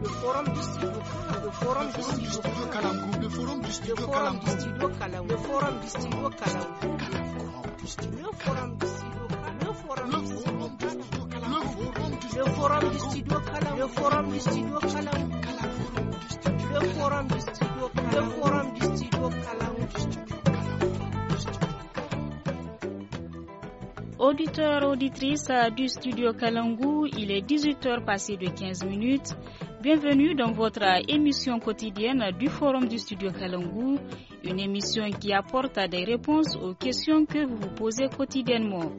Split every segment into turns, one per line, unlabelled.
le forum du studio le forum du studio le forum du studio le forum du studio le forum du studio le forum du studio le forum du studio le forum du studio
du studio
du studio Kalangou, il est 18h passé de 15 minutes. Bienvenue dans votre émission quotidienne du Forum du Studio Kalangou, une émission qui apporte des réponses aux questions que vous vous posez quotidiennement.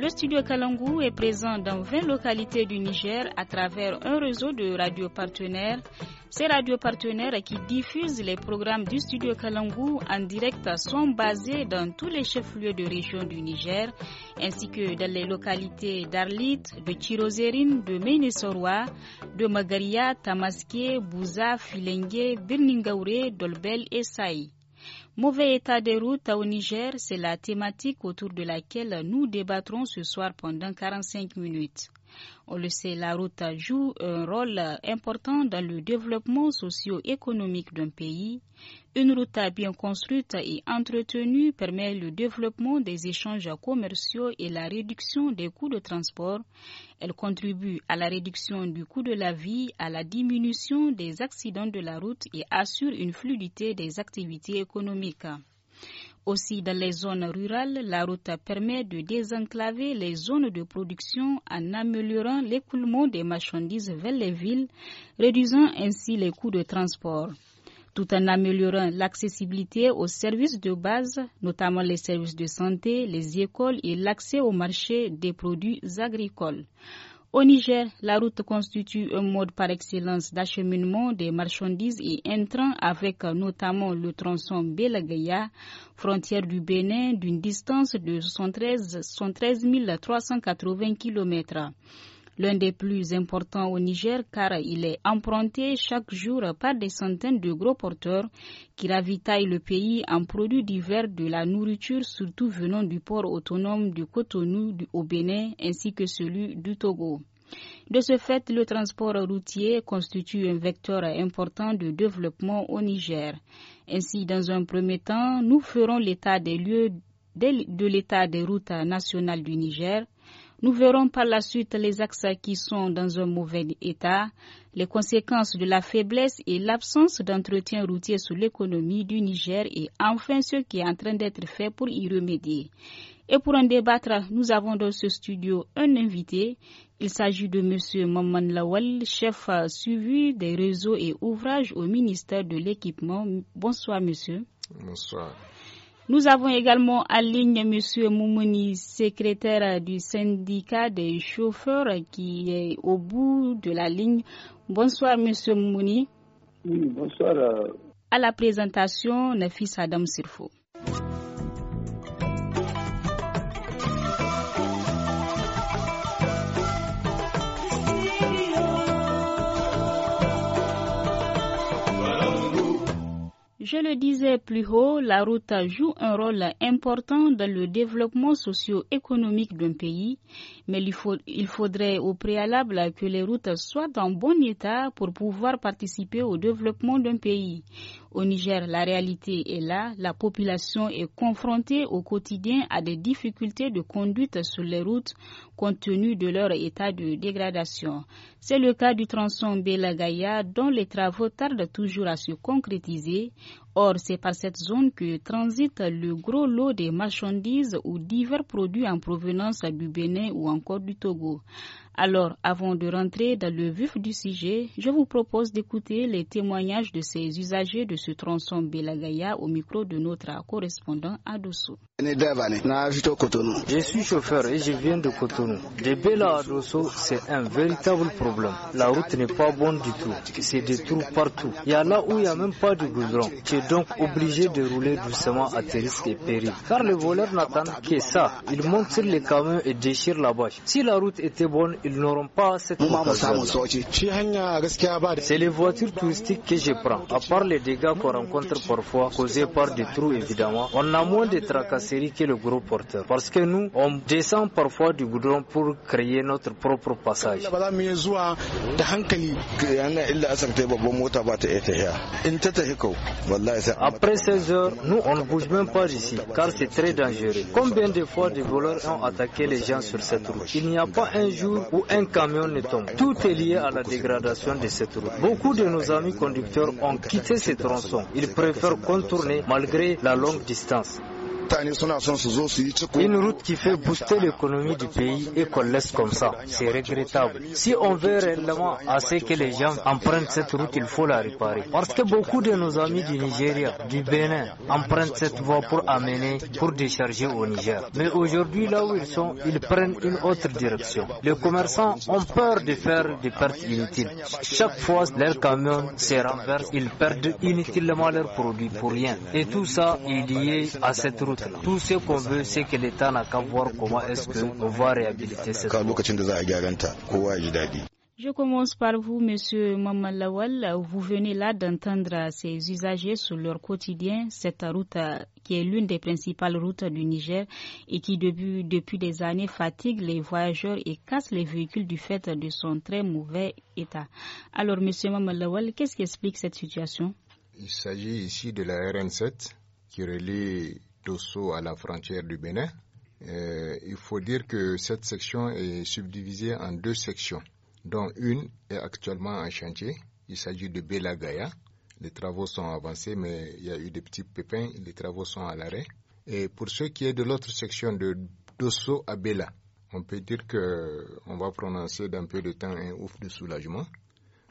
Le studio Kalangu est présent dans 20 localités du Niger à travers un réseau de radios partenaires. Ces radios partenaires qui diffusent les programmes du studio Kalangu en direct sont basés dans tous les chefs-lieux de région du Niger, ainsi que dans les localités d'Arlit, de Chirozérine, de Ménesoroa, de Magaria, Tamaské, Bouza, Filengue, Birningaure, Dolbel et Saï. Mauvais état des routes au Niger, c'est la thématique autour de laquelle nous débattrons ce soir pendant 45 minutes. On le sait, la route joue un rôle important dans le développement socio-économique d'un pays. Une route bien construite et entretenue permet le développement des échanges commerciaux et la réduction des coûts de transport. Elle contribue à la réduction du coût de la vie, à la diminution des accidents de la route et assure une fluidité des activités économiques. Aussi, dans les zones rurales, la route permet de désenclaver les zones de production en améliorant l'écoulement des marchandises vers les villes, réduisant ainsi les coûts de transport tout en améliorant l'accessibilité aux services de base, notamment les services de santé, les écoles et l'accès au marché des produits agricoles. Au Niger, la route constitue un mode par excellence d'acheminement des marchandises et intrants avec notamment le tronçon Belagaya, frontière du Bénin, d'une distance de 113 380 km. L'un des plus importants au Niger car il est emprunté chaque jour par des centaines de gros porteurs qui ravitaillent le pays en produits divers de la nourriture, surtout venant du port autonome du Cotonou au Bénin ainsi que celui du Togo. De ce fait, le transport routier constitue un vecteur important de développement au Niger. Ainsi, dans un premier temps, nous ferons l'état des lieux de l'état des routes nationales du Niger. Nous verrons par la suite les axes qui sont dans un mauvais état, les conséquences de la faiblesse et l'absence d'entretien routier sur l'économie du Niger et enfin ce qui est en train d'être fait pour y remédier. Et pour en débattre, nous avons dans ce studio un invité. Il s'agit de M. Maman Lawal, chef euh, suivi des réseaux et ouvrages au ministère de l'Équipement. Bonsoir, monsieur. Bonsoir. Nous avons également en ligne M. Moumouni, secrétaire euh, du syndicat des chauffeurs qui est au bout de la ligne. Bonsoir, Monsieur Moumouni.
Oui, bonsoir. Euh.
À la présentation, fils Adam Sirfo. Je le disais plus haut, la route joue un rôle important dans le développement socio-économique d'un pays, mais il, faudrait au préalable que les routes soient en bon état pour pouvoir participer au développement d'un pays. Au Niger, la réalité est là. La population est confrontée au quotidien à des difficultés de conduite sur les routes compte tenu de leur état de dégradation. C'est le cas du tronçon Gaïa dont les travaux tardent toujours à se concrétiser. Or, c'est par cette zone que transite le gros lot des marchandises ou divers produits en provenance du Bénin ou encore du Togo. Alors, avant de rentrer dans le vif du sujet, je vous propose d'écouter les témoignages de ces usagers de ce tronçon Belagaya au micro de notre correspondant à
Je suis chauffeur et je viens de Cotonou. De Bela à c'est un véritable problème. La route n'est pas bonne du tout. C'est des trous partout. Il y a où il n'y a même pas de goudron donc obligé de rouler doucement à tes risques et périls. Car les voleurs n'attendent que ça. Ils montent sur les camions et déchirent la bâche. Si la route était bonne, ils n'auront pas cette occasion. C'est les voitures touristiques que je prends. À part les dégâts qu'on rencontre parfois, causés par des trous évidemment, on a moins de tracasseries que le gros porteur. Parce que nous, on descend parfois du goudron pour créer notre propre passage. Après 16 heures, nous, on ne bouge même pas d'ici, car c'est très dangereux. Combien de fois des voleurs ont attaqué les gens sur cette route Il n'y a pas un jour où un camion ne tombe. Tout est lié à la dégradation de cette route. Beaucoup de nos amis conducteurs ont quitté ces tronçons. Ils préfèrent contourner malgré la longue distance. Une route qui fait booster l'économie du pays et qu'on laisse comme ça, c'est regrettable. Si on veut réellement assez que les gens empruntent cette route, il faut la réparer. Parce que beaucoup de nos amis du Nigeria, du Bénin, empruntent cette voie pour amener, pour décharger au Niger. Mais aujourd'hui, là où ils sont, ils prennent une autre direction. Les commerçants ont peur de faire des pertes inutiles. Chaque fois, leur camion se renverse, ils perdent inutilement leurs produits pour rien. Et tout ça est lié à cette route. Tout ce qu'on veut, c'est que l'État n'a qu'à voir comment est-ce qu'on va réhabiliter cette
je commence par vous, Monsieur Mamalawal. Vous venez là d'entendre ces usagers sur leur quotidien, cette route euh, qui est l'une des principales routes du Niger et qui depuis, depuis des années fatigue les voyageurs et casse les véhicules du fait de son très mauvais état. Alors, Monsieur Mamalawal, qu'est-ce qui explique cette situation
Il s'agit ici de la RN7 qui relie Dosso à la frontière du Bénin. Euh, il faut dire que cette section est subdivisée en deux sections, dont une est actuellement en chantier. Il s'agit de Belagaya. Les travaux sont avancés, mais il y a eu des petits pépins. Les travaux sont à l'arrêt. Et pour ce qui est de l'autre section de Dosso à Bela, on peut dire qu'on va prononcer dans peu de temps un ouf de soulagement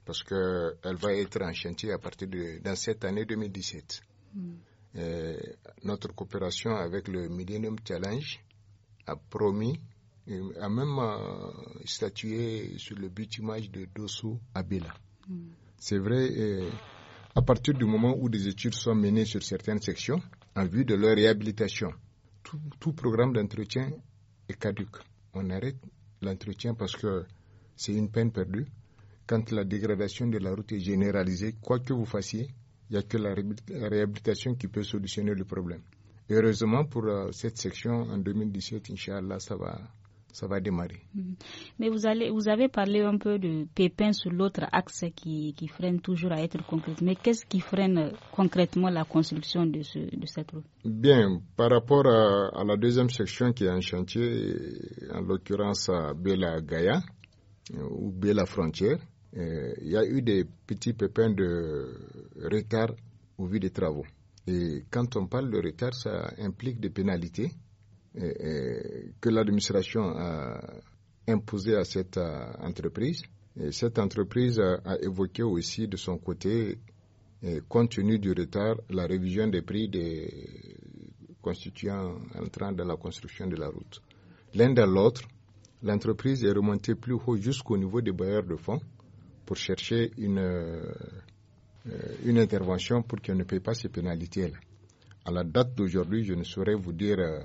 parce qu'elle va être en chantier à partir de dans cette année 2017. Euh, notre coopération avec le Millennium Challenge a promis, euh, a même euh, statué sur le image de Dosso à hmm. C'est vrai, à partir du moment où des études sont menées sur certaines sections en vue de leur réhabilitation, tout, tout programme d'entretien est caduque. On arrête l'entretien parce que c'est une peine perdue. Quand la dégradation de la route est généralisée, quoi que vous fassiez, il n'y a que la réhabilitation qui peut solutionner le problème. Heureusement pour euh, cette section, en 2017, Inch'Allah, ça va, ça va démarrer.
Mm-hmm. Mais vous, avez parlé un peu de pépins sur l'autre axe qui, freine toujours à être concrète. Mais qu'est-ce qui freine euh, concrètement la construction de, cette route
Bien, par rapport à, la deuxième section qui est en chantier, en l'occurrence à Bela Gaïa, euh, ou Bela Frontière, euh, il y a eu des petits pépins de retard au vu des travaux. Et quand on parle de retard, ça implique des pénalités euh, euh, que l'administration a imposées à cette entreprise. Et cette entreprise a, évoqué aussi de son côté, compte tenu du retard, la révision des prix des constituants entrant dans la construction de la route. L'un dans l'autre, l'entreprise est remontée plus haut jusqu'au niveau des bailleurs de fonds pour chercher une, euh, une intervention pour qu'on ne paye pas ces pénalités-là. À la date d'aujourd'hui, je ne saurais vous dire euh,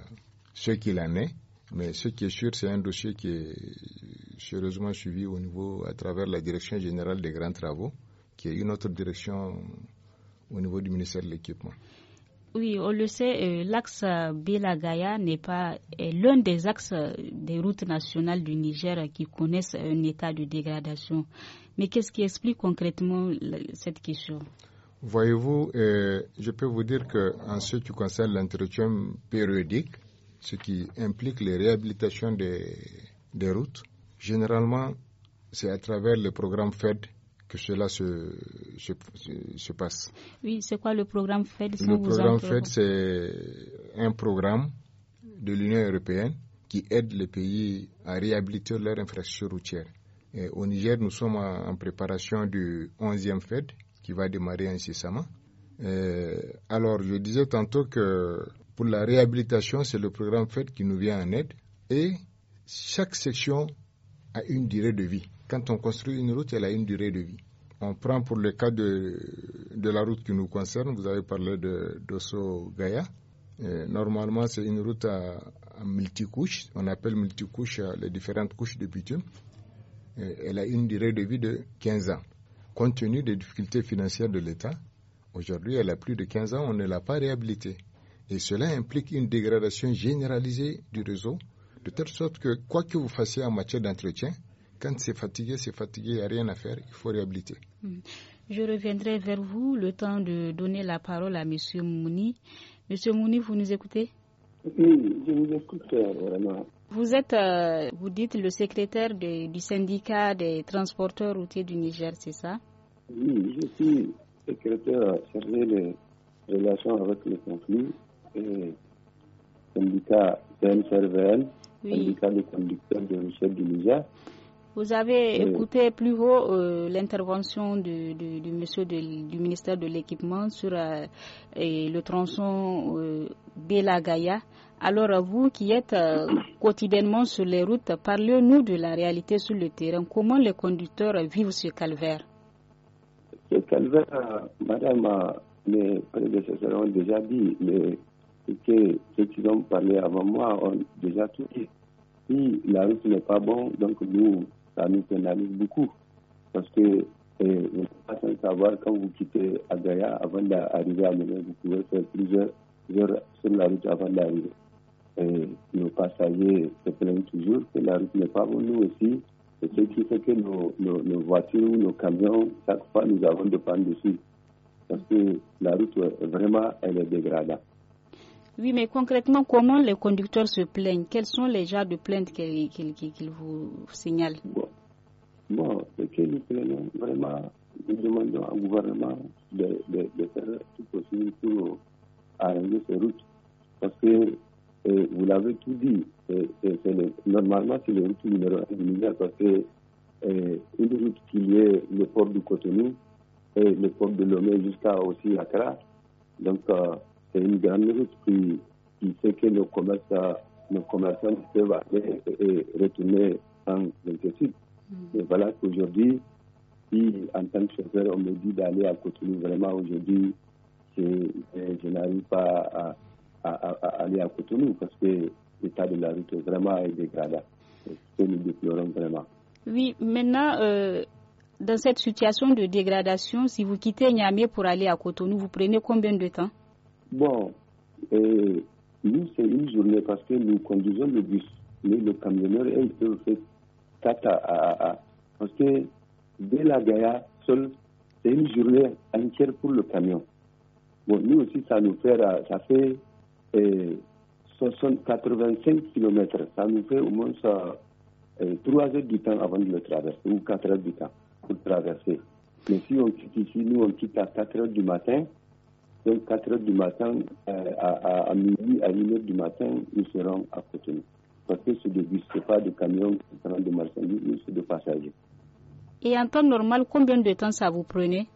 ce qu'il en est, mais ce qui est sûr, c'est un dossier qui est sérieusement suivi au niveau, à travers la Direction générale des grands travaux, qui est une autre direction au niveau du ministère de l'Équipement.
Oui, on le sait, euh, l'axe Belagaya n'est pas euh, l'un des axes euh, des routes nationales du Niger qui connaissent un état de dégradation. Mais qu'est-ce qui explique concrètement cette question
Voyez-vous, je peux vous dire qu'en ce qui concerne l'entretien périodique, ce qui implique les réhabilitations des, des routes, généralement, c'est à travers le programme FED que cela se, se, passe.
Oui, c'est quoi le programme FED Le programme FED,
c'est un programme de l'Union européenne qui aide les pays à réhabiliter leur infrastructure routière. au Niger, nous sommes en préparation du 11e FED qui va démarrer incessamment. alors, je disais tantôt que pour la réhabilitation, c'est le programme FED qui nous vient en aide et chaque section a une durée de vie. Quand on construit une route, elle a une durée de vie. On prend pour le cas de, la route qui nous concerne, vous avez parlé de Dosso-Gaïa. Euh, normalement, c'est une route à, multicouches. On appelle multicouches euh, les différentes couches de bitume. Euh, elle a une durée de vie de 15 ans. Compte tenu des difficultés financières de l'État, aujourd'hui, elle a plus de 15 ans, on ne l'a pas réhabilitée. Et cela implique une dégradation généralisée du réseau, de telle sorte que quoi que vous fassiez en matière d'entretien, quand c'est fatigué, c'est fatigué, il n'y a rien à faire, il faut réhabiliter.
Hmm. Je reviendrai vers vous, le temps de donner la parole à M. Mouni. M. Mouni, vous nous écoutez
Oui, je vous écoute euh, vraiment.
Vous êtes, euh, vous dites, le secrétaire du syndicat des transporteurs routiers du Niger, c'est ça
Oui, je suis secrétaire chargé des relations avec le conflit et syndicat CNCRVN, oui. syndicat des conducteurs de Michel du Niger.
Vous avez écouté plus haut euh, l'intervention du, du, monsieur du ministère de l'équipement sur euh, le tronçon euh, Belagaya. Alors vous qui êtes euh, quotidiennement sur les routes, parlez-nous de la réalité sur le terrain. Comment les conducteurs vivent ce calvaire
Ce calvaire, madame, mes prédécesseurs ont déjà dit, mais que ceux qui ont parlé avant moi ont déjà tout dit si la route n'est pas bon, donc nous, ça nous pénalise beaucoup. Parce que eh, on pas pouvez savoir quand vous quittez Agaya avant d'arriver à Menin, vous pouvez faire plusieurs heures sur la route avant d'arriver. Et nos passagers se plaignent toujours que la route n'est pas bonne. Nous aussi, c'est ce qui fait que nos, voitures ou nos camions, chaque fois, nous avons de panne dessus. Parce que la route, euh, vraiment, elle est dégradée.
Oui, mais concrètement, comment les conducteurs se plaignent Quels sont les genres de plaintes qu'ils vous signalent
Bon, c'est que nous vraiment, nous demandons au gouvernement de, faire tout possible pour arranger ces routes. Parce que, euh, vous l'avez tout dit, normalement c'est le route numéro 1 parce que euh, une route qui est le port du Cotonou et le port de Lomé jusqu'à aussi Accra. Donc, euh, c'est une grande route qui, sait fait que nos commerçants, nos commerçants peuvent aller et, retourner en inquiétude. Et voilà qu'aujourd'hui, en tant que chauffeur, on me dit d'aller à Cotonou, vraiment aujourd'hui, je, n'arrive pas à, aller à Cotonou parce que l'état de la route vraiment est dégradant. C'est ce nous déplorons vraiment.
Oui, maintenant, euh, dans cette situation de dégradation, si vous quittez Niamey pour aller à Cotonou, vous prenez combien de temps
Bon, euh, nous, c'est une journée parce que nous conduisons le bus. Mais le camionneur, il peut à, Parce que dès la Gaïa, c'est une journée entière pour le camion. Bon, nous aussi, ça nous fait, euh, ça fait 85 euh, km. Ça nous fait au moins ça, 3 euh, heures du temps avant de le traverser, ou 4 heures du temps pour traverser. Mais si on quitte ici, nous, on quitte à 4 heures du matin. Donc, 4 heures du matin, à, midi, à 1 heure du matin, nous serons à côté parce que c'est des bus, pas des camions qui prennent des marchandises, mais c'est des passagers.
Et en temps normal, combien de temps ça vous prenait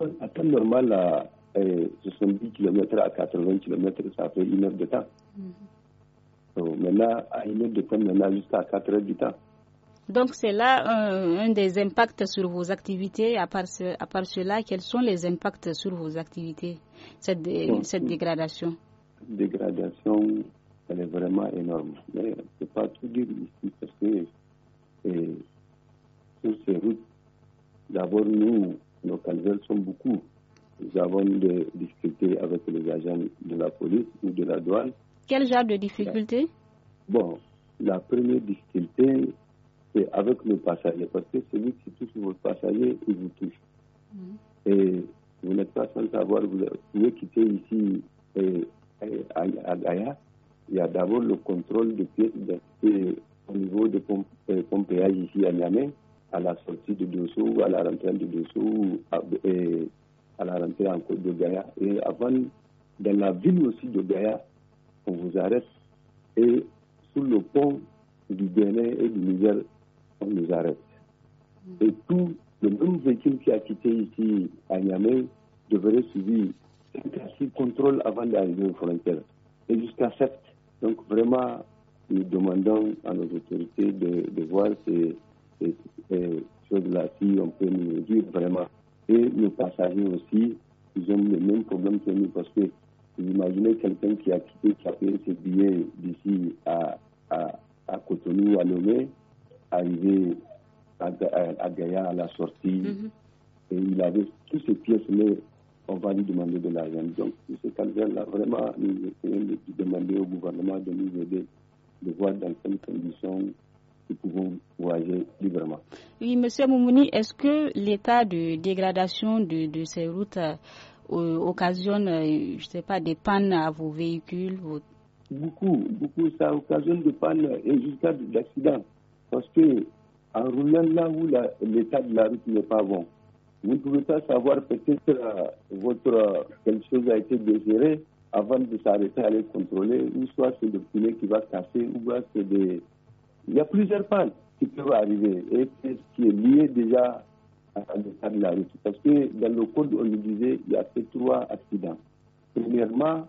En temps normal, à 70 euh, km à 80 km, ça fait une heure de temps. Mhm. Donc, maintenant, à une heure de temps, maintenant jusqu'à 4 heures du temps.
Donc c'est là un, des impacts sur vos activités. À part, cela, quels sont les impacts sur vos activités, cette dégradation
Dégradation, elle est vraiment énorme. Mais on ne peut pas tout dire ici parce que sur ces routes, d'abord nous, nos calvaires sont beaucoup. Nous avons des difficultés avec les agents de la police ou de la douane.
Quel genre de difficultés
Bon, la première difficulté, c'est avec le passager, parce que celui qui touche vos passagers, il vous touche. Mm-hmm. Et vous n'êtes pas sans savoir, vous pouvez quitter ici et, à Gaïa, il y a d'abord le contrôle au niveau des euh, pompéage euh, ici à Niamey, à la sortie de dessous à la rentrée de Dessau, à, euh, à la rentrée en Côte de Gaïa. Et avant, dans la ville aussi de Gaïa, on vous arrête. Et sous le pont du Bénin et du Niger, on nous arrête. Et tout le même véhicule qui a quitté ici à Niamey devrait subir un contrôle avant d'arriver aux frontières et jusqu'à 7 donc vraiment, nous demandons à nos autorités de, voir ces, choses-là, si on peut nous dire vraiment. Et nos passagers aussi, ils ont le même problème que nous parce que vous imaginez quelqu'un qui a quitté, qui a payé ses billets d'ici à, à, à Cotonou, à Lomé, arrivé à, à, Gaïa à la sortie, mm-hmm. et il avait tous ses pièces, mais on va lui demander de l'argent. Donc, M. Calvert-là, vraiment, nous de, demander au gouvernement de nous aider, de voir dans quelles conditions nous pouvons voyager librement.
Oui, M. Moumouni, est-ce que l'état de dégradation de, ces routes euh, occasionne, euh, je ne sais pas, des pannes à vos véhicules
Beaucoup, beaucoup, ça occasionne des pannes et jusqu'à des accidents. Parce que en roulant là où l'état de la route n'est pas bon, vous ne pouvez pas savoir peut-être euh, votre euh, quelque chose a été désiré avant de s'arrêter à les contrôler, ou soit c'est le filet qui va casser, ou bien c'est des... Il y a plusieurs pannes qui peuvent arriver, et ce qui est lié déjà à l'état de la route. Parce que dans le code, on nous disait il y a ces trois accidents. Premièrement,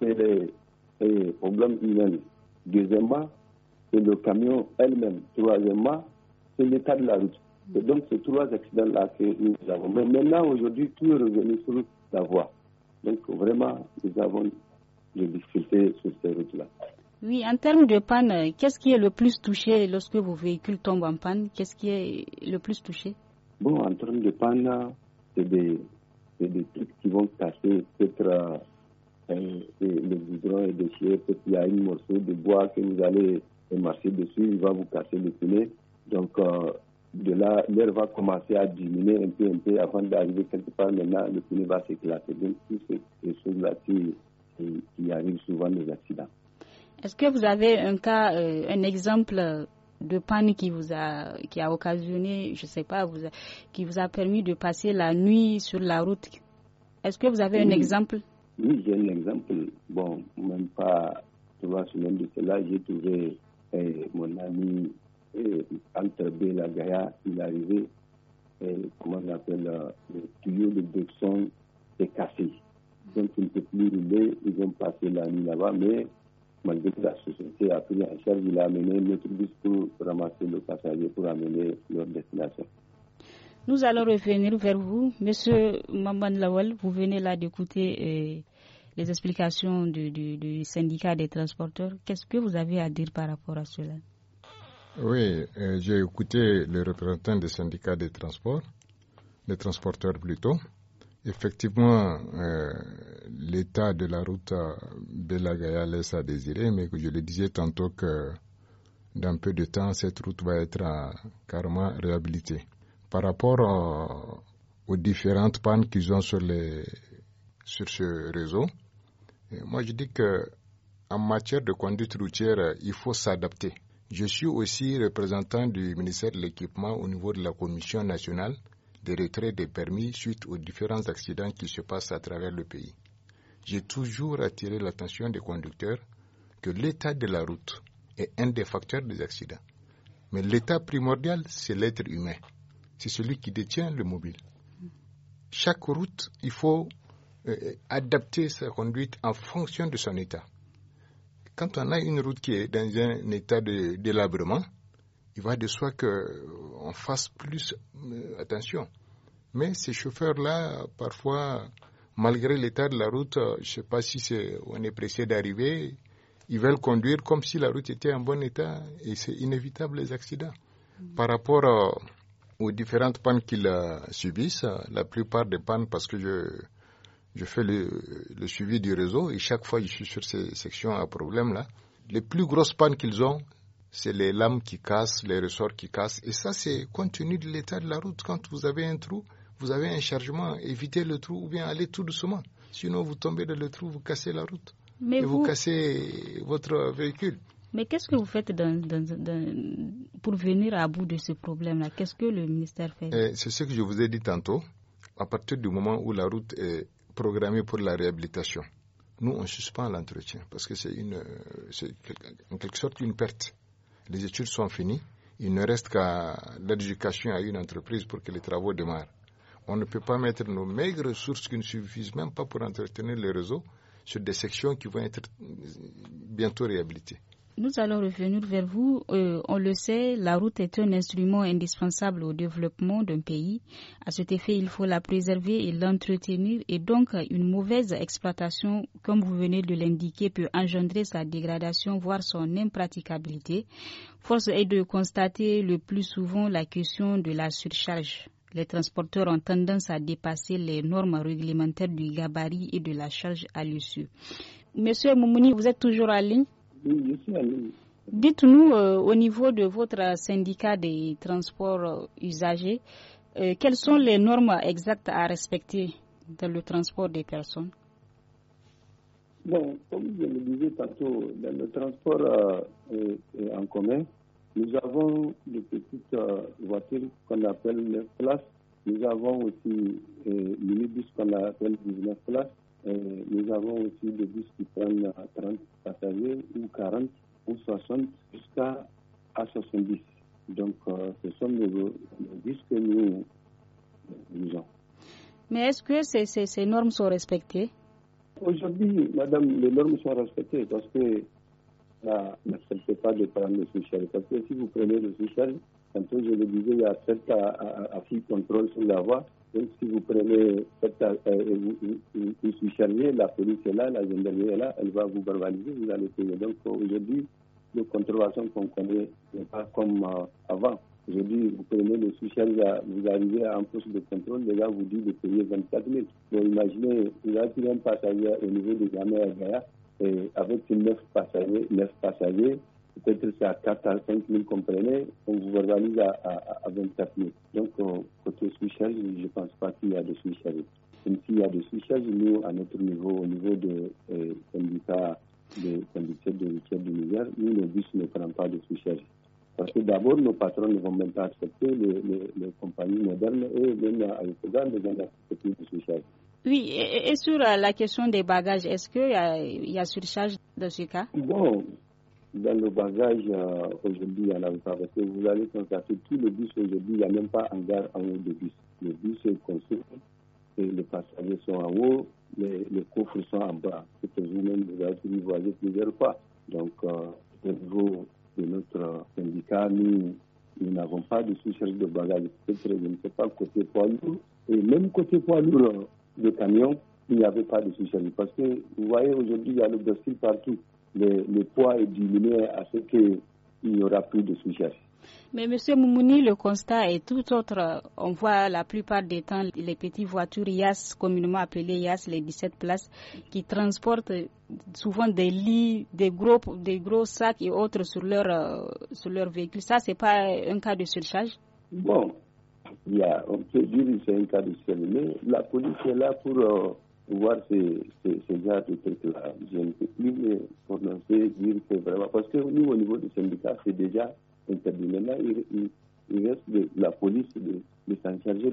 c'est le problème humain. Deuxièmement, c'est le camion elle-même. Troisièmement, c'est l'état de la route donc ces trois accidents-là que nous avons. Mais maintenant, aujourd'hui, tout est revenu sur la voie. Donc vraiment, nous avons des difficultés sur ces routes-là.
Oui, en termes de panne, qu'est-ce qui est le plus touché lorsque vos véhicules tombent en panne Qu'est-ce qui est le plus touché
Bon, en termes de panne, c'est des, des, trucs qui vont casser, peut-être euh, euh, le goudron est déchiré, peut-être qu'il y a un morceau de bois que vous allez marcher dessus, il va vous casser le pneu. Donc, euh, de là, l'air va commencer à diminuer un peu, un peu, avant d'arriver quelque part. Maintenant, le pneu va s'éclater. Donc, toutes là qui, qui, arrivent souvent, les accidents.
Est-ce que vous avez un cas, euh, un exemple de panne qui vous a, qui a occasionné, je sais pas, qui vous a permis de passer la nuit sur la route Est-ce que vous avez un exemple
Oui, j'ai un exemple. Bon, même pas trois semaines de cela, j'ai trouvé euh, mon ami et entre la Gaïa, il est arrivé, comment on appelle, euh, le tuyau de Bexon est cassé. Donc il ne peut plus rouler, ils ont passé la nuit là-bas, mais malgré que la société a pris en charge, il a amené notre bus pour ramasser le passager pour amener leur destination.
Nous allons revenir vers vous. Monsieur Maman Lawal, vous venez là d'écouter euh, les explications du syndicat des transporteurs. Qu'est-ce que vous avez à dire par rapport à cela
oui, euh, j'ai écouté le représentant des syndicats des transports, des transporteurs plutôt. Effectivement, euh, l'état de la route Belagaya laisse à désirer, mais je le disais tantôt que dans peu de temps, cette route va être euh, carrément réhabilitée. Par rapport aux différentes pannes qu'ils ont sur, les, sur ce réseau, moi je dis que en matière de conduite routière, il faut s'adapter. Je suis aussi représentant du ministère de l'équipement au niveau de la Commission nationale des retrait des permis suite aux différents accidents qui se passent à travers le pays. J'ai toujours attiré l'attention des conducteurs que l'état de la route est un des facteurs des accidents. Mais l'état primordial, c'est l'être humain. C'est celui qui détient le mobile. Chaque route, il faut euh, adapter sa conduite en fonction de son état quand on a une route qui est dans un état de délabrement, il va de soi qu'on euh, fasse plus euh, attention. Mais ces chauffeurs-là, parfois, malgré l'état de la route, euh, je ne sais pas si on est pressé d'arriver, ils veulent conduire comme si la route était en bon état et c'est inévitable les accidents. Mm. Par rapport aux différentes pannes qu'ils subissent, la plupart des pannes, parce que je, je fais le, suivi du réseau et chaque fois je suis sur ces sections à problème là. Les plus grosses pannes qu'ils ont, c'est les lames qui cassent, les ressorts qui cassent. Et ça, c'est compte tenu de l'état de la route. Quand vous avez un trou, vous avez un chargement, évitez le trou ou bien allez tout doucement. Sinon, vous tombez dans le trou, vous cassez la route. Mais et vous... cassez votre véhicule.
Mais qu'est-ce que vous faites pour venir à bout de ce problème-là Qu'est-ce que le ministère fait
eh, C'est ce que je vous ai dit tantôt. À partir du moment où la route est programmés pour la réhabilitation. Nous, on suspend l'entretien parce que c'est euh, en quelque sorte une perte. Les études sont finies, il ne reste qu'à l'éducation à une entreprise pour que les travaux démarrent. On ne peut pas mettre nos maigres ressources qui ne suffisent même pas pour entretenir les réseaux sur des sections qui vont être euh, bientôt réhabilitées
nous allons revenir vers vous. Euh, on le sait, la route est un instrument indispensable au développement d'un pays. À cet effet, il faut la préserver et l'entretenir. Et donc, une mauvaise exploitation, comme vous venez de l'indiquer, peut engendrer sa dégradation, voire son impraticabilité. Force est de constater le plus souvent la question de la surcharge les transporteurs ont tendance à dépasser les normes réglementaires du gabarit et de la charge à l'issue. Monsieur Moumouni, vous êtes toujours à ligne Dites-nous, euh, au niveau de votre syndicat des transports euh, usagers, euh, quelles sont les normes exactes à respecter dans le transport des personnes
Bon, comme je le disais tantôt, dans le transport en commun, nous avons des petites voitures qu'on appelle 9 places. Nous avons aussi minibus qu'on appelle 19 places. Euh, nous avons aussi des bus qui prennent 30 passagers ou 40 ou 60 jusqu'à à 70. Donc, euh, ce sont les, bus que nous utilisons.
Mais est-ce que ces, ces, normes sont respectées
Aujourd'hui, madame, les normes sont respectées parce que ça n'accepte pas de prendre le social. Parce que si vous prenez le social, tantôt je le disais, il y a certes à, à, contrôle sur la voie. Donc, si vous prenez une sous euh, euh, vous, la police est là, la gendarmerie est là, elle va vous verbaliser, vous allez payer. Donc aujourd'hui, les contraventions qu'on connaît n'est pas comme euh, avant. Aujourd'hui, vous prenez le sous vous arrivez à un poste de contrôle, les vous disent de payer 24 000. Vous imaginez, vous a un passager au niveau de la à et avec 9 passagers, 9 passagers, peut-être c'est à 4 à 5 000 qu'on prenait, on vous organise à, à, 24 000. Donc, euh, côté surcharge, je ne pense pas qu'il y a de surcharge. Même s'il y a de surcharge, nous, à notre niveau, au niveau du euh, de syndicats de nous, le bus ne prend pas de surcharge. Parce que d'abord, nos patrons ne vont même pas accepter les, compagnies modernes et même avec les grandes accepter de surcharge.
Oui, et, sur la question des bagages, est-ce qu'il y, y, a surcharge dans ce cas
Bon, dans le bagage euh, aujourd'hui à la parce que vous allez constater tout le bus aujourd'hui, il n'y a même pas un gare en haut de bus. Le bus est construit et les passagers sont en haut, les, les coffres sont en bas. C'est que vous-même, vous avez vous voyez plusieurs fois. Donc, euh, au niveau de notre euh, syndicat, nous, nous n'avons pas de sous charge de bagage. Peut-être, je ne sais pas, côté poids lourd. Et même côté poids lourd, le euh, camion, il n'y avait pas de sous Parce que, vous voyez, aujourd'hui, il y a le dossier partout le, poids est diminué à ce qu'il n'y aura plus de surcharge.
Mais Monsieur Moumouni, le constat est tout autre. On voit la plupart des temps les petites voitures IAS, communément appelées IAS, les 17 places, qui transportent souvent des lits, des gros, des gros sacs et autres sur leur, euh, sur leur véhicule. Ça, n'est pas un cas de surcharge
Bon, a on peut dire que c'est un cas de surcharge, mais la police est là pour euh, voir ces, gars, ces genre de trucs-là, je ne peux plus me prononcer, dire que vraiment. Parce que nous, au niveau du syndicat, c'est déjà interdit. mais il, il, reste de, la police de, de s'en charger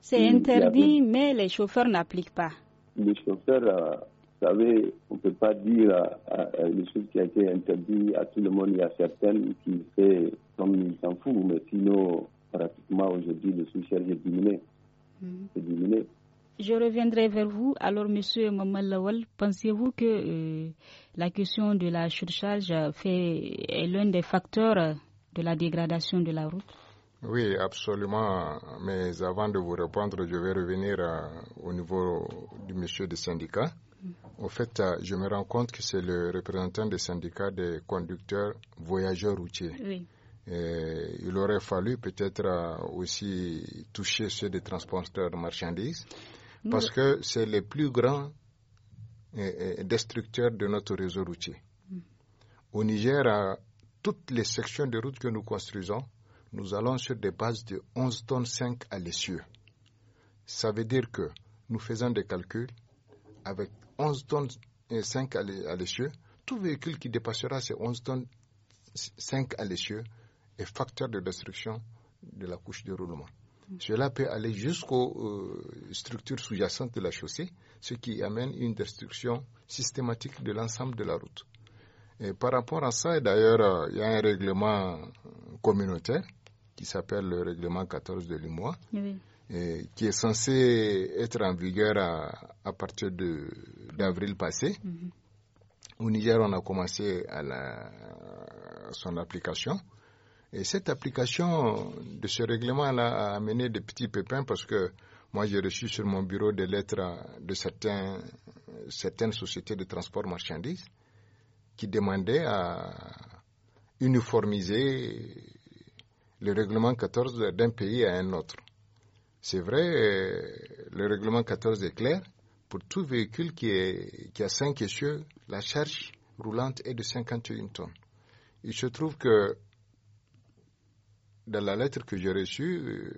C'est interdit, mais les chauffeurs n'appliquent pas.
Les chauffeurs, euh, vous savez, on ne peut pas dire euh, euh, les choses qui ont été interdites à tout le monde. Il y a certaines qui fait comme ils s'en foutent, mais sinon, pratiquement aujourd'hui, le sous-charge est diminué. Mm.
Je reviendrai vers vous. Alors, Monsieur Mamal Lawal, pensez-vous que euh, la question de la surcharge fait, est l'un des facteurs de la dégradation de la route
Oui, absolument. Mais avant de vous répondre, je vais revenir euh, au niveau du Monsieur des syndicats. Mm. Au fait, euh, je me rends compte que c'est le représentant des syndicats des conducteurs voyageurs routiers. il aurait fallu peut-être aussi toucher ceux des transporteurs de marchandises parce que c'est le plus grand euh, euh, destructeur de notre réseau routier. Mm. Au Niger, à toutes les sections de route que nous construisons, nous allons sur des bases de 11 tonnes 5 à l'essieu. Ça veut dire que nous faisons des calculs avec 11 tonnes 5 euh, à l'essieu. Tout véhicule qui dépassera ces 11 tonnes 5 à l'essieu est facteur de destruction de la couche de roulement. Cela peut aller jusqu'aux euh, structures sous-jacentes de la chaussée, ce qui amène une destruction systématique de l'ensemble de la route. par rapport à ça, d'ailleurs, euh, il y a un règlement communautaire qui s'appelle le règlement 14 de l'UMOA, qui est censé être en vigueur à, partir d'avril passé. Mhm. Au Niger, on a commencé à son application. Et cette application de ce règlement-là a amené des petits pépins parce que moi, j'ai reçu sur mon bureau des lettres de certains, certaines sociétés de transport marchandises qui demandaient à uniformiser le règlement 14 d'un pays à un autre. C'est vrai, euh, le règlement 14 est clair. Pour tout véhicule qui, est, qui a 5 essieux, la charge roulante est de 51 tonnes. Il se trouve que dans la lettre que j'ai reçue, euh,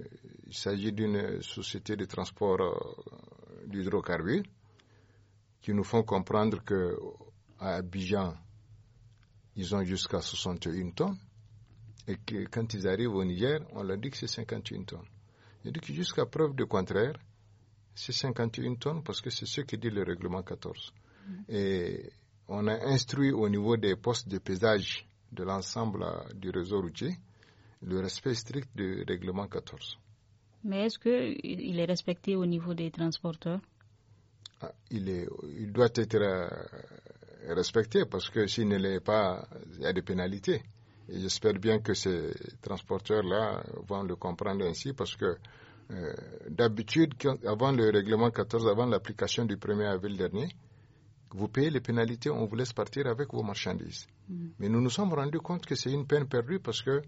euh, il s'agit d'une société de transport euh, d'hydrocarbures qui nous font comprendre que à Abidjan, ils ont jusqu'à 61 tonnes et que quand ils arrivent au Niger, on leur dit que c'est 51 tonnes. Je que jusqu'à preuve du contraire, c'est 51 tonnes parce que c'est ce que dit le règlement 14. Mm. Et on a instruit au niveau des postes de pesage de l'ensemble euh, du réseau routier le respect strict du règlement 14.
Mais est-ce qu'il est respecté au niveau des transporteurs
ah, il, est, il doit être euh, respecté parce que s'il ne l'est pas, il y a des pénalités. j'espère bien que ces transporteurs-là vont le comprendre ainsi parce que euh, d'habitude, avant le règlement 14, avant l'application du 1er avril dernier, vous payez les pénalités, on vous laisse partir avec vos marchandises. Mm. Mais nous nous sommes rendus compte que c'est une peine perdue parce que euh,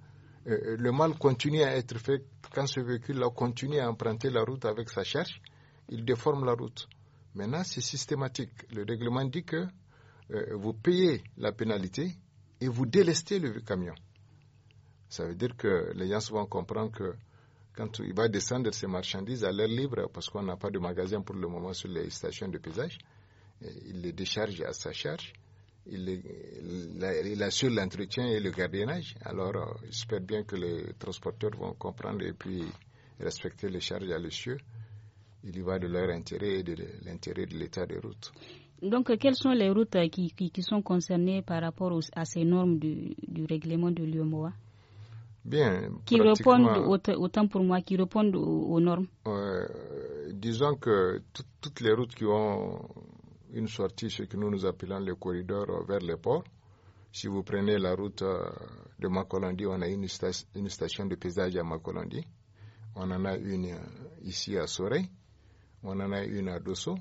euh, le mal continue à être fait quand ce véhicule-là continue à emprunter la route avec sa charge, il déforme la route. Maintenant, c'est systématique. Le règlement dit que euh, vous payez la pénalité et vous délestez le camion. Ça veut dire que les gens souvent comprennent que quand il va descendre ses marchandises à l'air libre, parce qu'on n'a pas de magasin pour le moment sur les stations de paysage, euh, il les décharge à sa charge. Il, assure l'entretien et le gardiennage. Alors, euh, j'espère bien que les transporteurs vont comprendre et puis respecter les charges à l'essieu. Il y va de leur intérêt et de l'intérêt de l'état des routes.
Donc, quelles sont les routes euh, qui, qui, sont concernées par rapport à ces normes du, règlement de l'UMOA
Bien. Qui répondent,
autant pour moi, qui répondent aux, normes
Disons que toutes les routes qui ont une sortie, ce que nous nous appelons le corridor vers le port. Si vous prenez la route euh, de Makolandi, on a une, une station de paysage à Makolandi. On en a une euh, ici à Sorey. On en a une à Dosso.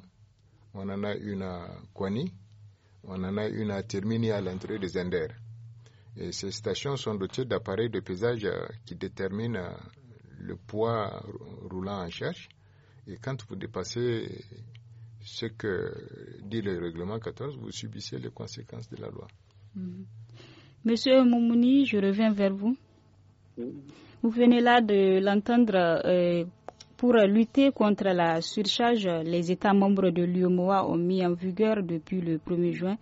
On en a une à Kwani. On en a une à Termini à l'entrée des Zender. Et ces stations sont dotées d'appareils de paysage euh, qui déterminent le poids roulant en charge. Et quand vous dépassez ce que dit le règlement 14, vous subissez les conséquences de la loi.
Mhm. Monsieur Moumouni, je reviens vers vous. Vous venez là de l'entendre. Euh, pour lutter contre la surcharge, les États membres de l'UMOA ont mis en vigueur depuis le 1er juin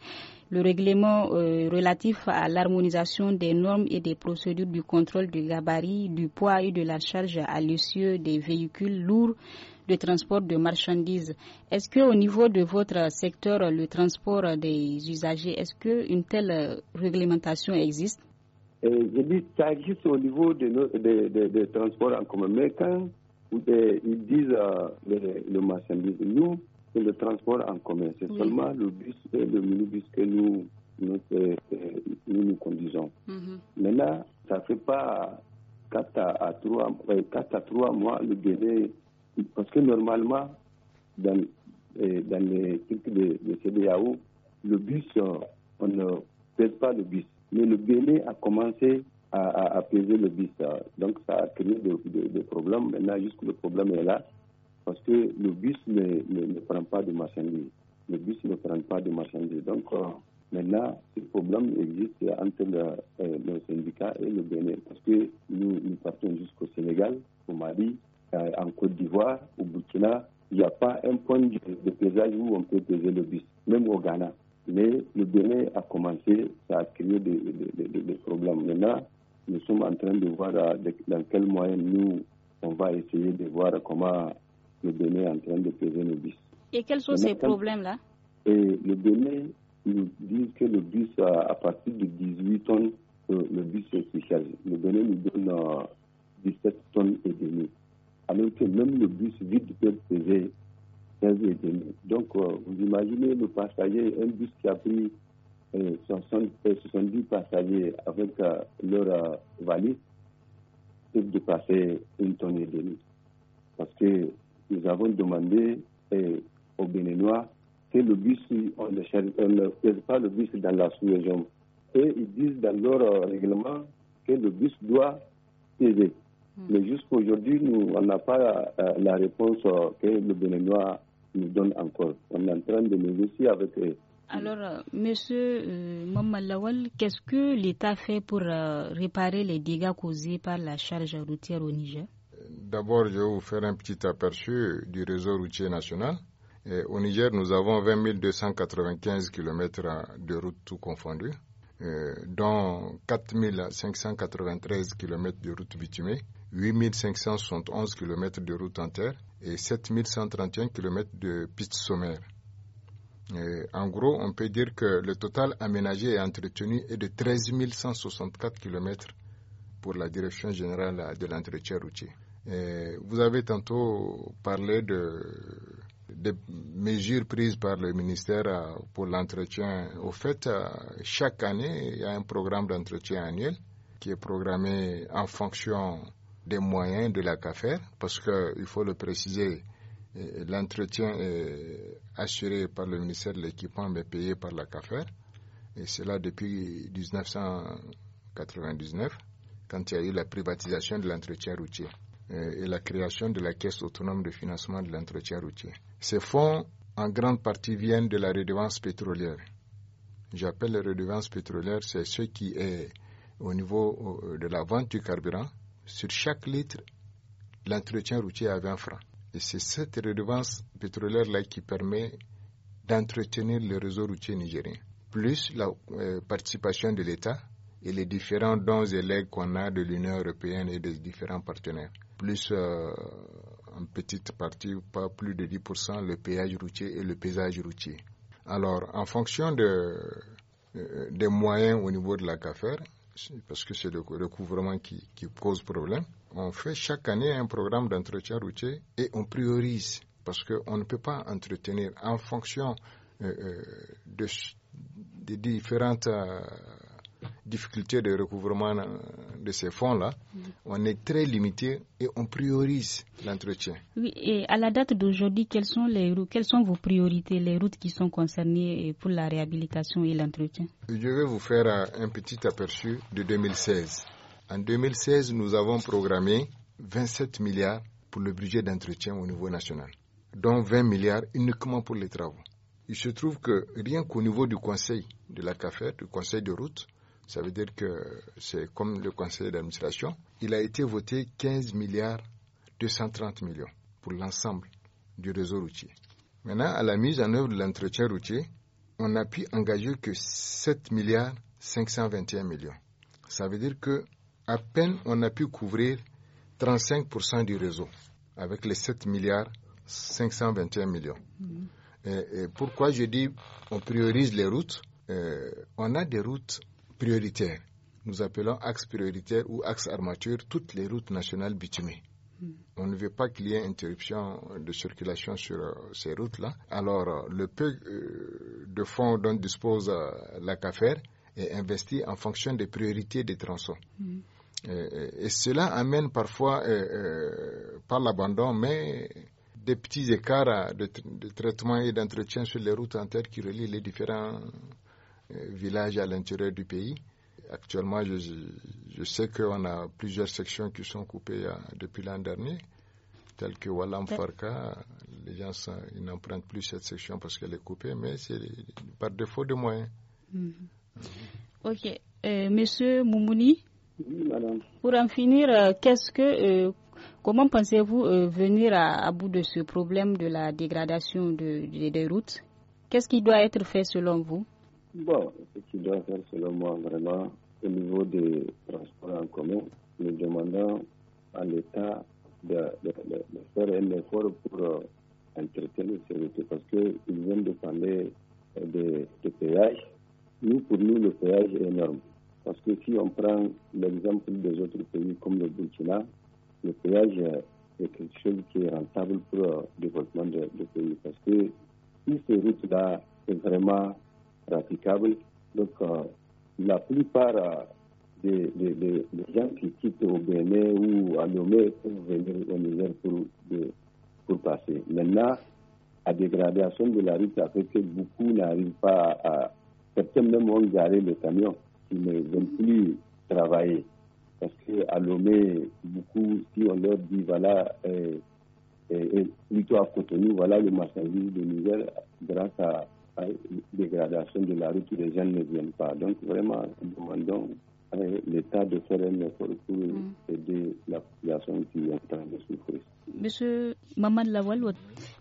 le règlement euh, relatif à l'harmonisation des normes et des procédures du contrôle du gabarit, du poids et de la charge à l'essieu des véhicules lourds de transport de marchandises. Est-ce qu'au niveau de votre secteur, le transport des usagers, est-ce qu'une telle réglementation existe
euh, Je dis ça existe au niveau des transports en commun. Mais quand euh, ils disent le, euh, le marchandise, nous, c'est le transport en commun. C'est seulement le bus et le minibus que nous nous, conduisons. Mais mhm. là, Maintenant, ça ne fait pas 4 à, 3, 4 à 3 mois le délai parce que normalement, dans, euh, les trucs de, CDAO, le bus, euh, on ne pèse pas le bus. Mais le Bénin a commencé à, à, le bus. Hein. donc ça a créé des problèmes. Maintenant, juste le problème est là, parce que le bus ne, prend pas de marchandises. Le bus ne prend pas de marchandises. Donc euh, maintenant, ce problème existe entre le, syndicat et le Bénin. Parce que nous, nous partons jusqu'au Sénégal, au Mali, euh, en Côte d'Ivoire, au Burkina, il n'y a pas un point de, de pesage où on peut peser le bus, même au Ghana. Mais le Bénin a commencé, ça a créé des, problèmes. Maintenant, nous sommes en train de voir euh, dans quel moyen nous, on va essayer de voir comment le Bénin est en train de peser le bus.
Et quels sont ces problèmes-là
et Le Bénin, nous disent que le bus, euh, à, partir de 18 tonnes, le bus est spécial. Le Bénin nous donne 17 tonnes et demi alors que même le bus vide peut peser 15 et demi. Donc, euh, vous imaginez le passager, un bus qui a pris 70 euh, euh, passagers avec leur valise, peut dépasser une tonne et demie. Parce que nous avons demandé aux Béninois que le bus, on ne, pas le bus dans la sous-région. Et ils disent dans leur règlement que le bus doit peser Mm. Mais jusqu'aujourd'hui, nous, on n'a pas euh, la réponse euh, que le Béninois nous donne encore. On est en train de négocier avec eux.
Alors, euh, monsieur Mamalawal, qu'est-ce que l'État fait pour réparer les dégâts causés par la charge routière au Niger
D'abord,
je vais vous faire un petit aperçu du réseau routier national. au Niger, nous avons 20 295 km de routes tout confondues, dont 4 593 km de routes bitumées 8571 km de route en terre et 131 km de pistes sommaires. en gros, on peut dire que le total aménagé et entretenu est de 13 164 km pour la Direction générale de l'entretien routier. vous avez tantôt parlé de, des mesures prises par le ministère euh, pour l'entretien. Au fait, euh, chaque année, il y a un programme d'entretien annuel qui est programmé en fonction des moyens de la CAFER, parce qu'il faut le préciser, euh, l'entretien est assuré par le ministère de l'Équipement, mais payé par la CAFER, et cela depuis 1999, quand il y a eu la privatisation de l'entretien routier euh, et la création de la Caisse autonome de financement de l'entretien routier. Ces fonds, en grande partie, viennent de la redevance pétrolière. J'appelle la redevance pétrolière, c'est ce qui est au niveau euh, de la vente du carburant, sur chaque litre, l'entretien routier à 20 francs. Et c'est cette redevance pétrolière-là qui permet d'entretenir le réseau routier nigérien, plus la euh, participation de l'État et les différents dons et legs qu'on a de l'Union européenne et des différents partenaires, plus euh, en petite partie, pas plus de 10%, le péage routier et le paysage routier. Alors, en fonction euh, des moyens au niveau de la CAFER, parce que c'est le, couvrement qui, qui, cause problème, on fait chaque année un programme d'entretien routier et on priorise parce qu'on ne peut pas entretenir en fonction euh, euh, de, des différentes euh, difficultés de recouvrement euh, de ces fonds-là, mm. on est très limité et on priorise l'entretien.
Oui, et à la date d'aujourd'hui, quelles sont les quelles sont vos priorités, les routes qui sont concernées euh, pour la réhabilitation et l'entretien
Je vais vous faire euh, un petit aperçu de 2016. En 2016, nous avons programmé 27 milliards pour le budget d'entretien au niveau national, dont 20 milliards uniquement pour les travaux. Il se trouve que rien qu'au niveau du conseil de la CAFER, du conseil de route, ça veut dire que c'est comme le conseil d'administration. Il a été voté 15 milliards 230 millions pour l'ensemble du réseau routier. Maintenant, à la mise en œuvre de l'entretien routier, on n'a pu engager que 7 milliards 521 millions. Ça veut dire que à peine on a pu couvrir 35% du réseau avec les 7 milliards 521 millions. Mm-hmm. pourquoi je dis on priorise les routes euh, On a des routes prioritaire. Nous appelons axe prioritaire ou axe armature toutes les routes nationales bitumées. Hmm. On ne veut pas qu'il y ait interruption de circulation sur euh, ces routes-là. Alors, euh, le peu euh, de fonds dont dispose la CAFER est investi en fonction des priorités des tronçons. Hmm. Et, cela amène parfois, par l'abandon, mais des petits écarts de, de traitement et d'entretien sur les routes en terre qui relient les différents euh, village à l'intérieur du pays. Actuellement, je, sais qu'on a plusieurs sections qui sont coupées euh, depuis l'an dernier, telles que Walam Farka. Les gens ils n'empruntent plus cette section parce qu'elle est coupée, mais c'est par défaut de moyens.
Mhm. Ok. Euh, monsieur Moumouni, pour en finir, qu'est-ce que, comment pensez-vous venir à, bout de ce problème de la dégradation des routes Qu'est-ce qui doit être fait selon vous
Bon, ce qu'il doit faire, selon moi, vraiment, au niveau des transports en commun, nous demandons à l'État de, faire un effort pour euh, entretenir ces routes parce qu'ils viennent de parler euh, de, péage. Nous, pour nous, le péage est énorme. Parce que si on prend l'exemple des autres pays comme le Burkina, le péage est quelque chose qui est rentable pour le euh, développement du pays. Parce que si ces routes-là sont vraiment donc, euh, la plupart euh, des, gens qui quittent au Bénin ou à Lomé pour venir au Niger pour, passer. Maintenant, la dégradation de la route a fait que beaucoup n'arrivent pas à, Certains même ont garé le camion, ils ne veulent plus travailler. Parce qu'à Lomé, beaucoup, si on leur dit, voilà, euh, et, plutôt à Cotonou, voilà le marchandise de Niger grâce à à dégradation de la route où les jeunes ne viennent pas. Donc vraiment, nous demandons à l'État de faire un effort pour mm. aider la population qui est en train de souffrir.
Monsieur Mamad Lawal,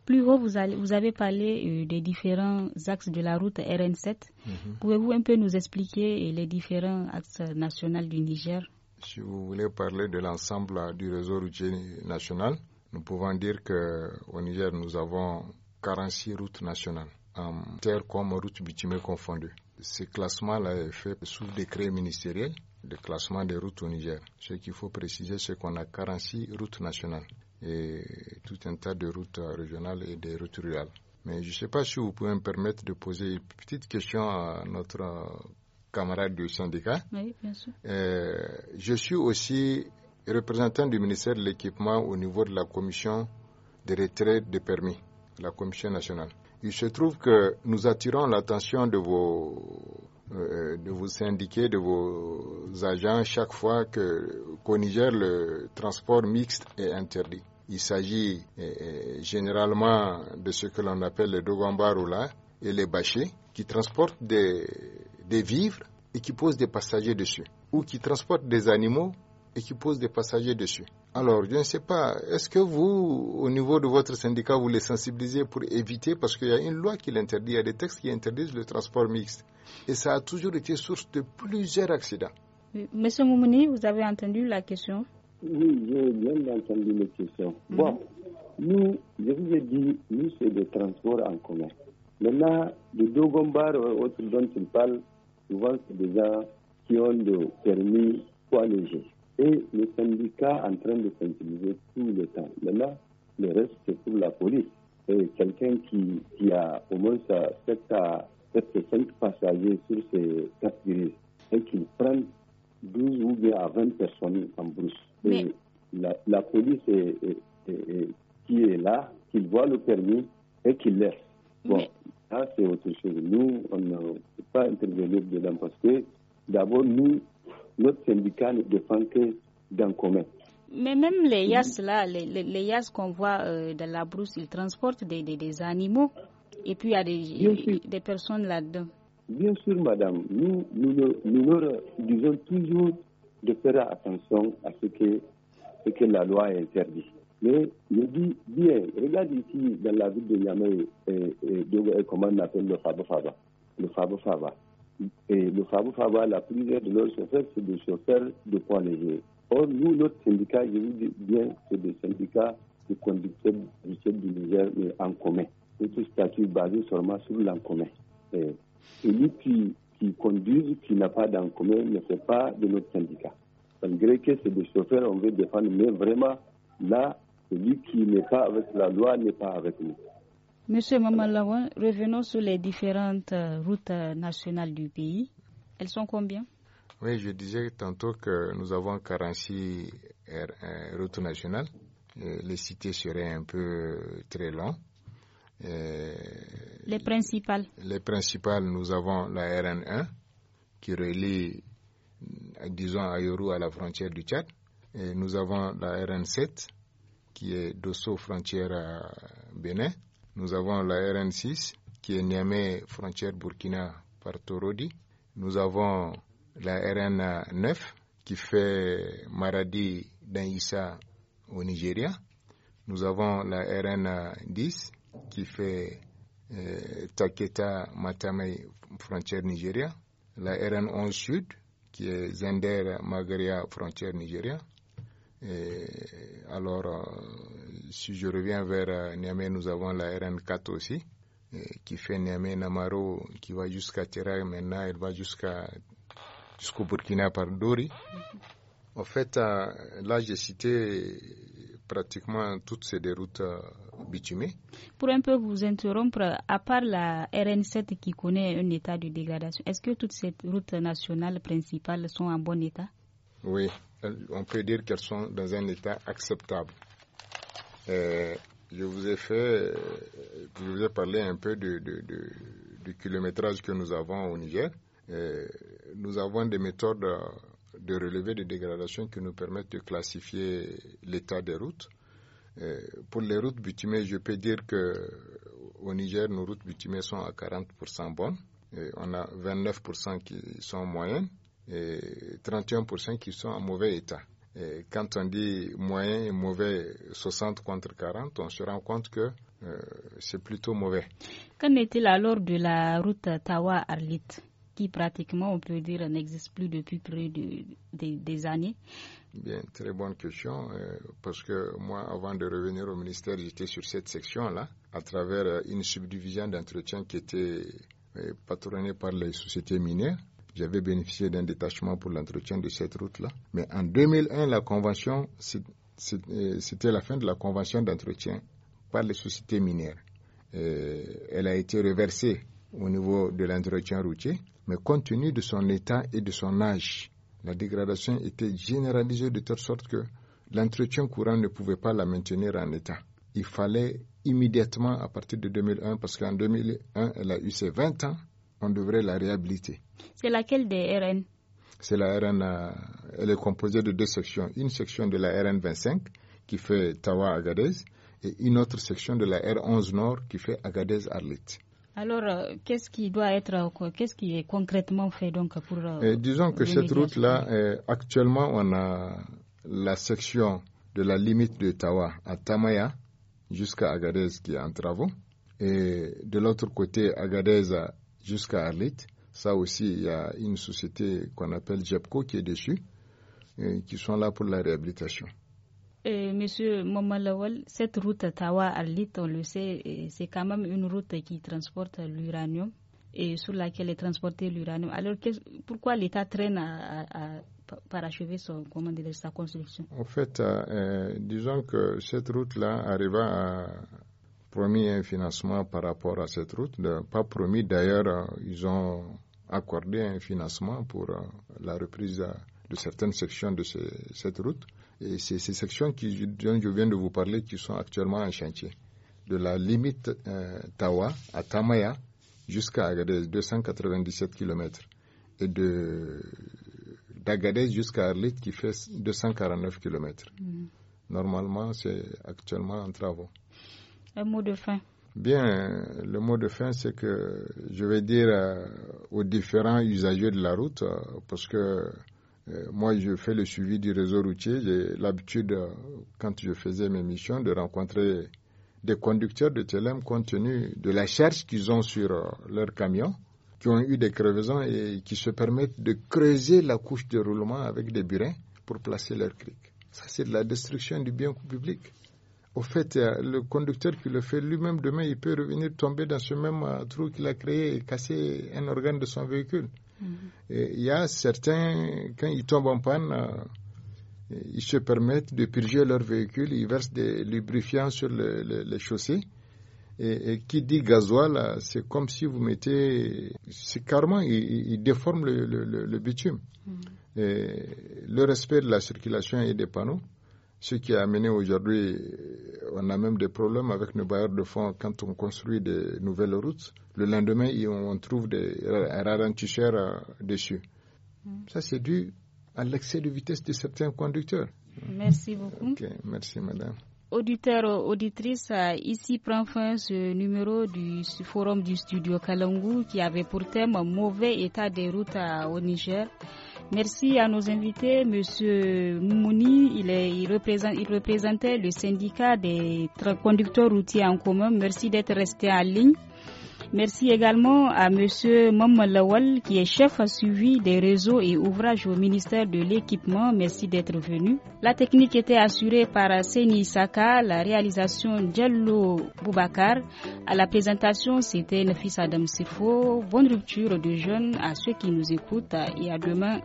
plus haut, vous, avez parlé euh, des différents axes de la route RN7. Mm-hmm. Pouvez-vous un peu nous expliquer euh, les différents axes nationaux du Niger
Si vous voulez parler de l'ensemble euh, du réseau routier national, nous pouvons dire qu'au Niger, nous avons 46 routes nationales en terre comme route bitumée confondue. Ce classement-là est fait sous décret ministériel de classement des routes au Niger. Ce qu'il faut préciser, c'est qu'on a 46 routes nationales et tout un tas de routes régionales et des routes rurales. Mais je ne sais pas si vous pouvez me permettre de poser une petite question à notre camarade du syndicat. Oui, bien sûr. Euh, je suis aussi représentant du ministère de l'équipement au niveau de la commission de retrait des permis, la commission nationale. Il se trouve que nous attirons l'attention de vos euh, de vos syndiqués, de vos agents chaque fois que qu'au Niger le transport mixte est interdit. Il s'agit euh, euh, généralement de ce que l'on appelle les Dogambaroula et les bâchés, qui transportent des, des vivres et qui posent des passagers dessus ou qui transportent des animaux et qui pose des passagers dessus. Alors, je ne sais pas, est-ce que vous, au niveau de votre syndicat, vous les sensibilisez pour éviter, parce qu'il y a une loi qui l'interdit, il y a des textes qui interdisent le transport mixte. Et ça a toujours été source de plusieurs accidents.
Monsieur Moumouni, vous avez entendu la question
Oui, j'ai bien entendu la question. Mhm. Bon, nous, je vous ai dit, nous, c'est des transports en commun. Maintenant, de Dogombar, autre dont il parle, souvent, c'est des gens qui ont le permis pour alléger. Et le syndicat en train de sensibiliser tout le temps. Maintenant, le reste, c'est pour la police. Et quelqu'un qui, a au moins 7 à 5 passagers sur ces 4 grilles et qui prend 12 ou bien 20 personnes en brousse. La, police qui est là, qui voit le permis et qui laisse. Bon, ça c'est autre chose. Nous, on ne peut pas intervenir dedans parce que d'abord, nous, notre syndicat ne défend que dans commun.
Mais même les yas, là, les, yas qu'on voit euh, dans la brousse, ils transportent des, des, animaux. Et puis il y a des, des personnes là-dedans.
Bien sûr, madame, nous, nous, nous, disons toujours de faire attention à ce que, ce que la loi interdit. Mais je dis bien, regarde ici dans la ville de Niamey, comment on appelle le fabo Faba. Faba et le Fabou Faba, la prière de leurs chauffeurs, c'est des chauffeurs de poids légers. Or, nous, notre syndicat, je vous dis bien, c'est des syndicats de conducteurs du chef du en commun. C'est un statut basé seulement sur l'en commun. celui qui, qui conduit, qui n'a pas d'en commun, ne fait pas de notre syndicat. Malgré que c'est des chauffeurs, on veut défendre, mais vraiment, là, celui qui n'est pas avec la loi n'est pas avec nous.
Monsieur Mamalawan, revenons sur les différentes euh, routes euh, nationales du pays. Elles sont combien
Oui, je disais
tantôt que nous avons 46 euh, routes nationales. Les cités seraient un peu très longues. Les
principales
Les principales, nous avons la RN1 qui relie, disons, à à la frontière du Tchad. Et nous avons la RN7 qui est d'Osso frontière à Bénin. Nous avons la RN6 qui est Niamey frontière Burkina par Torodi. Nous avons la RN9 qui fait Maradi d'Aïssa au Nigeria. Nous avons la RN10 qui fait euh, Taketa matamey frontière Nigeria. La RN11 Sud qui est Zender Magaria frontière Nigeria alors, euh, si je reviens vers euh, Niamey, nous avons la RN4 aussi, qui fait Niamey-Namaro, qui va jusqu'à et maintenant elle va jusqu'à jusqu'au Burkina par Dori. En fait, euh, là, j'ai cité pratiquement toutes ces routes bitumées.
Pour un peu vous interrompre, à part la RN7 qui connaît un état de dégradation, est-ce que toutes ces routes nationales principales sont en bon état
oui, euh, on peut dire qu'elles sont dans un état acceptable. Euh, je vous ai fait, euh, je vous ai parlé un peu de, du kilométrage que nous avons au Niger. nous avons des méthodes de relevé de dégradation qui nous permettent de classifier l'état des routes. pour les routes bitumées, je peux dire que au Niger, nos routes bitumées sont à 40% bonnes. on a 29% qui sont moyennes. 31% euh, qui sont en mauvais état. Et euh, quand on dit moyen et mauvais 60 contre 40, on se rend compte que euh, c'est plutôt mauvais.
Qu'en est-il alors de la route Tawa-Arlit, qui pratiquement, on peut dire, n'existe plus depuis près de, des années
Bien, très bonne question, parce que moi, avant de revenir au ministère, j'étais sur cette section-là, à travers une subdivision d'entretien qui était patronnée par les sociétés minières. J'avais bénéficié d'un détachement pour l'entretien de cette route-là. Mais en 2001, la convention, euh, c'était la fin de la convention d'entretien par les sociétés minières. Euh, elle a été reversée au niveau de l'entretien routier, mais compte tenu de son état et de son âge, la dégradation était généralisée de telle sorte que l'entretien courant ne pouvait pas la maintenir en état. Il fallait immédiatement, à partir de 2001, parce qu'en 2001, elle a eu ses 20 ans, on devrait la réhabiliter.
C'est laquelle des RN
C'est la RN, euh, elle est composée de deux sections. Une section de la RN 25 qui fait Tawa-Agadez et une autre section de la R11 Nord qui fait Agadez-Arlit.
Alors, euh, qu'est-ce qui doit être, euh, qu'est-ce qui est concrètement fait donc pour. disons que cette route-là,
actuellement, on a la section de la limite de Tawa à Tamaya jusqu'à Agadez qui est en travaux. Et de l'autre côté, Agadez jusqu'à Arlit. Ça aussi, il y a une société qu'on appelle JEPCO qui est dessus, et euh, qui sont là pour la réhabilitation.
Et monsieur Momalawal cette route Tawa-Arlit, on le sait, c'est quand même une route qui transporte l'uranium et sur laquelle est transporté l'uranium. Alors pourquoi l'État traîne à, parachever son, de sa construction
En fait, euh, euh, disons que cette route-là arriva à promis un financement par rapport à cette route. pas promis d'ailleurs, euh, ils ont accordé un financement pour euh, la reprise euh, de certaines sections de cette route. Et c'est ces sections qui, dont je viens de vous parler qui sont actuellement en chantier. De la limite Tawa à Tamaya jusqu'à Agadez, 297 km. Et de d'Agadez jusqu'à Arlit qui fait 249 km. Mm. Normalement, c'est actuellement en travaux.
Un mot de fin.
Bien, le mot de fin, c'est que je vais dire euh, aux différents usagers de la route, euh, parce que euh, moi, je fais le suivi du réseau routier. J'ai l'habitude, quand je faisais mes missions, de rencontrer des conducteurs de TLM compte tenu de la charge qu'ils ont sur leur camion, qui ont eu des crevaisons et qui se permettent de creuser la couche de roulement avec des burins pour placer leurs cric. Ça, c'est de la destruction du bien public. Au fait, le conducteur qui le fait lui-même, demain, il peut revenir tomber dans ce même euh, trou qu'il a créé et casser un organe de son véhicule. Mhm. Il y a certains, quand ils tombent en panne, euh, ils se permettent de purger leur véhicule, ils versent des lubrifiants sur les chaussées. Et, qui dit gasoil, c'est comme si vous mettez. C'est carrément, il, déforme le, bitume. Mhm. le respect de la circulation et des panneaux ce qui a amené aujourd'hui, euh, on a même des problèmes avec nos bailleurs de fonds quand on construit des nouvelles routes. Le lendemain, on trouve des, un ralentisseur euh, dessus. Mm. Ça, c'est dû à l'excès de vitesse de certains conducteurs.
Merci beaucoup.
merci, madame
auditeurs, auditrices, euh, ici prend fin ce numéro du forum du studio Kalangu qui avait pour thème mauvais état des routes euh, au Niger. Merci à nos invités. Monsieur Mouni, il, il, représente, il représentait le syndicat des conducteurs routiers en commun. Merci d'être resté en ligne. Merci également à M. Lawal qui est chef suivi des réseaux et ouvrages au ministère de l'Équipement. Merci d'être venu. La technique était assurée par Seni Saka, la réalisation Diallo Boubacar. À la présentation, c'était Nafis Adam Sifo. Bonne rupture de jeunes à ceux qui nous écoutent et à demain.